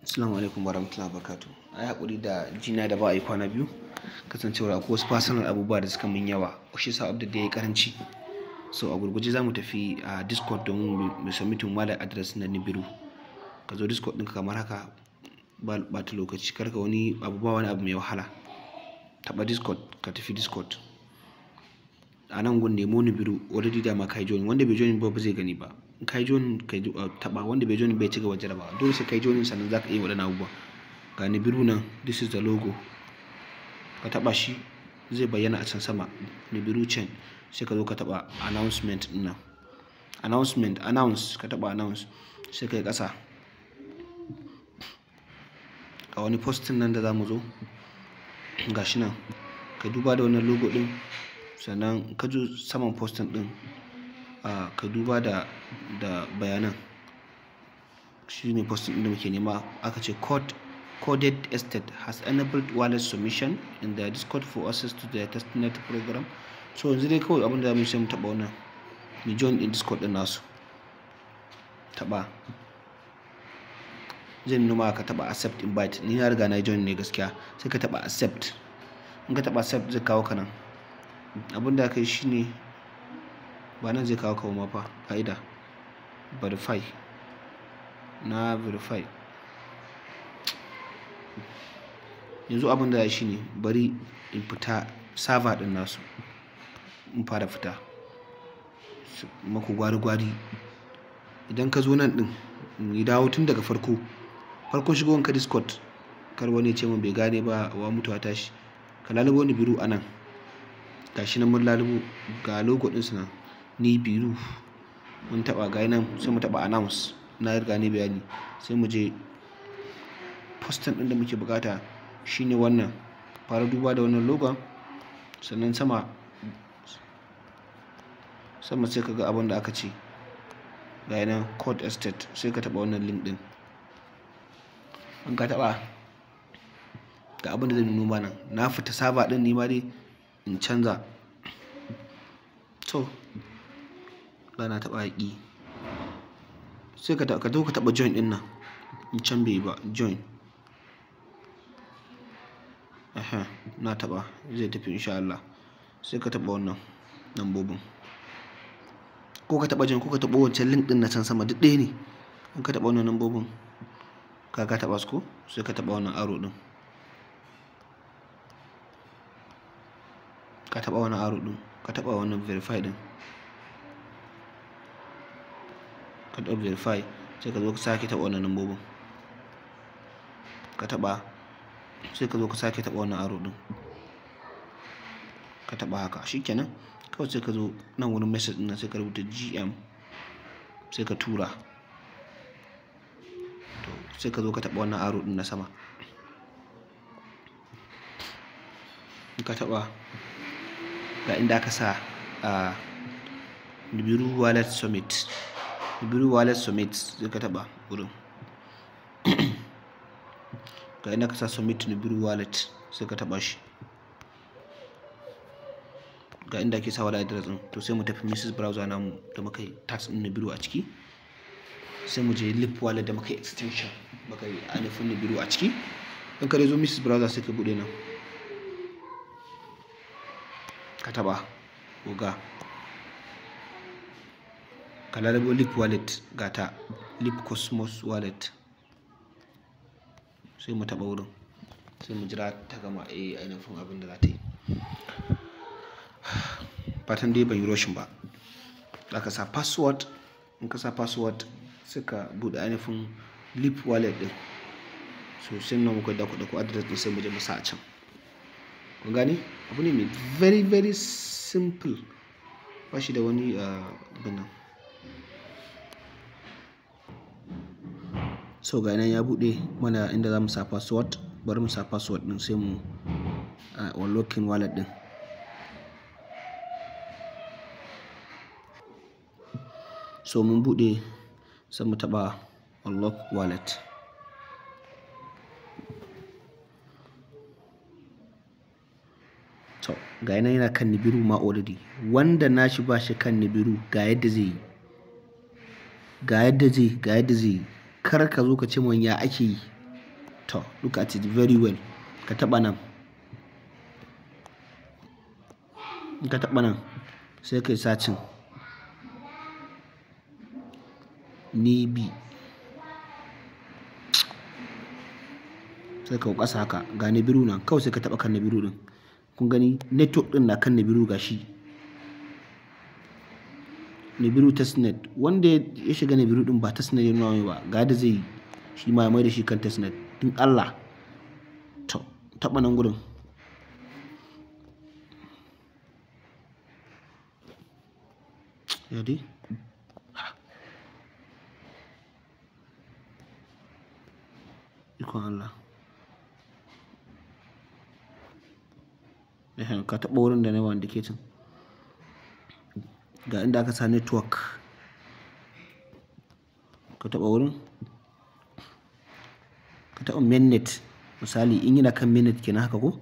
Assalamu alaikum warahmatullahi wabarakatuh. Ai hakuri da jina da ba a yi kwana biyu kasancewa akwai wasu personal abubuwa da suka mun yawa. Shi sa update da yayi karanci. So a gurguje za mu tafi a Discord domin mu submit mallam address na Nibiru. Ka zo Discord ɗinka kamar haka ba ta lokaci karka wani abu ba wani abu mai wahala. Taba Discord ka tafi Discord. a nan gun nemo ni biru dida ma kai joni wanda bai joni ba ba zai gani ba kai joni kai taba wanda bai joni bai ci gaba ba dole sai kai joni sannan zaka iya wadannan abubuwa ga ni biru nan this is the logo ka taba shi zai bayyana a can sama ni biru chain sai ka zo ka taba announcement din nan announcement announce ka taba announce sai kai kasa a wani postin nan da za mu zo gashi nan ka duba da wannan logo din sannan ka zo saman postin din ka duba da bayanan shi ne postin din da muke nema aka ce coded estate has enabled wallet submission in the discord for access to the testnet program so yanzu dai kawai abin da mu sai mu taba wannan mu join din discord din nasu taba zai nuna ka taba accept invite ni na riga na join ne gaskiya sai ka taba accept in ka taba accept zai kawo ka nan abin da aka yi ne, ba nan zai kawo kawo mafa fa'ida verify na verify yanzu abin da ya shi ne bari in fita server din nasu in fara fita maku gwari-gwari idan ka zo nan din ni dawo tun daga farko farko shigowar ka discord kar wani ce min bai gane ba wa mutuwa tashi ka lalubo ni biro anan gashi nan mun lalubo ga logo ɗinsu nan ni biru mun taɓa ga nan sai mu taɓa announce na riga ni bayani sai mu je postan ɗin da muke bukata shine wannan fara duba da wannan logo sannan sama sama sai ka ga abin da aka ce ga nan court estate sai ka taɓa wannan link ɗin an ka taɓa ga abin da zai nuno mana na fita saba ɗin ne ma dai in canza to na taɓa haƙi sai ka zo ka taɓa join ɗin nan in can bai ba join aha na taɓa zai tafi insha Allah sai ka taɓa wannan lambobin ko ka taɓa join ko ka taɓa wancan link ɗin na can sama duk ɗaya ne in ka taɓa wannan lambobin ka ka taɓa su ko sai ka taɓa wannan aro ɗin ka taɓa wani aro ɗin ka taɓa wani verify ɗin ka taɓa verify sai ka zo ka sake taɓa wannan lambobin ka taɓa sai ka zo ka sake taɓa wannan aro ɗin ka taɓa haka shikenan kawai sai ka zo nan wani message ɗin sai ka rubuta gm sai ka tura to sai ka zo ka taɓa wannan aro ɗin na sama ka taɓa ga inda aka sa a nibiru wallet summit nibiru wallet summit zai ka taba wurin ga inda aka sa summit nibiru wallet sai ka taba shi ga inda ake sa wallet address to sai mu tafi mrs browser namu da muka yi tax in nibiru a ciki sai mu je lip wallet da muka yi extension muka yi anufin nibiru a ciki in ka zo mrs browser sai ka bude nan ka taɓa oga ka lalabo lip wallet gata lip cosmos wallet sai mu taba wurin sai mu jira ta gama a yi eh, ainihin abin da za ta yi fatan dai ban yi roshin ba za ka sa password in ka sa password sai ka buɗe ainihin lip wallet ɗin sosai na nan muka dako ko adres sai mu je mu sa a can kun gani abu ne mai very very simple ba shi da wani ah, nan so ga nan ya bude mana inda za mu sa password bari mu sa password din sai mu ah, unlocking wallet din so mun bude sai mu taba unlock wallet sau ga yana yana kan nibiru ma already wanda nashi ba shi kan nibiru ga yadda zai yi ga yadda zai ga yadda zai yi kar ka zo ka ce mun ya ake yi to look at it very well ka taba nan ka taba nan sai kai sacin ni bi sai ka kasa haka ga nibiru nan kawai sai ka taba kan nibiru din kun gani network din na kan Nibiru gashi Nibiru testnet wanda ya shiga Nibiru din ba testnet ya nuna ba ga da zai shi ma ya mai da shi kan testnet din Allah to taba nan gurin yadi ikon Allah ka taɓa wurin da na wanda ke cin ga inda aka sa network ka taɓa wurin ka taɓa mainnet misali in yana kan mainnet kenan haka ko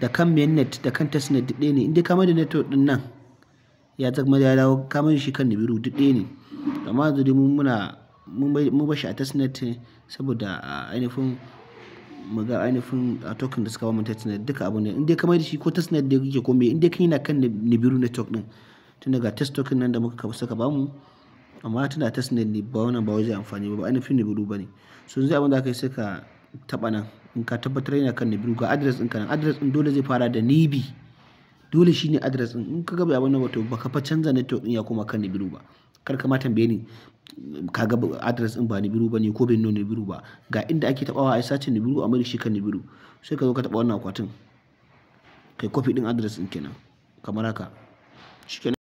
da kan mainnet da kan testnet duk ɗaya ne inda kama da network ɗin nan ya zama ya dawo kama shi kan nibiru duk ɗaya ne amma yanzu dai mun muna mun bashi a testnet saboda ah, ainihin Muga ainihin a token da suka ba mu testnet duka abu ne in dai kamar da shi ko testnet da yake ko me in dai kan yana kan nibiru network din tun daga test token nan da muka saka ba mu amma tana testnet ne ba wannan ba wajen amfani ba ainihin nibiru ba ne so yanzu abin da aka yi sai ka taɓa nan in ka tabbatar yana kan nibiru ga adres in nan adres in dole zai fara da nibi dole shine adres ɗin in ka gaba abin nan wato baka fa canza network ɗin ya koma kan nibiru ba kar ka ma tambaye ni kaga address din ba nibiru bane ko bai nuna nibiru ba ga inda ake tabawa ai sacin nibiru a mai shi kan nibiru sai ka zo ka taba wannan akwatin kai copy din address din kenan kamar haka shikenan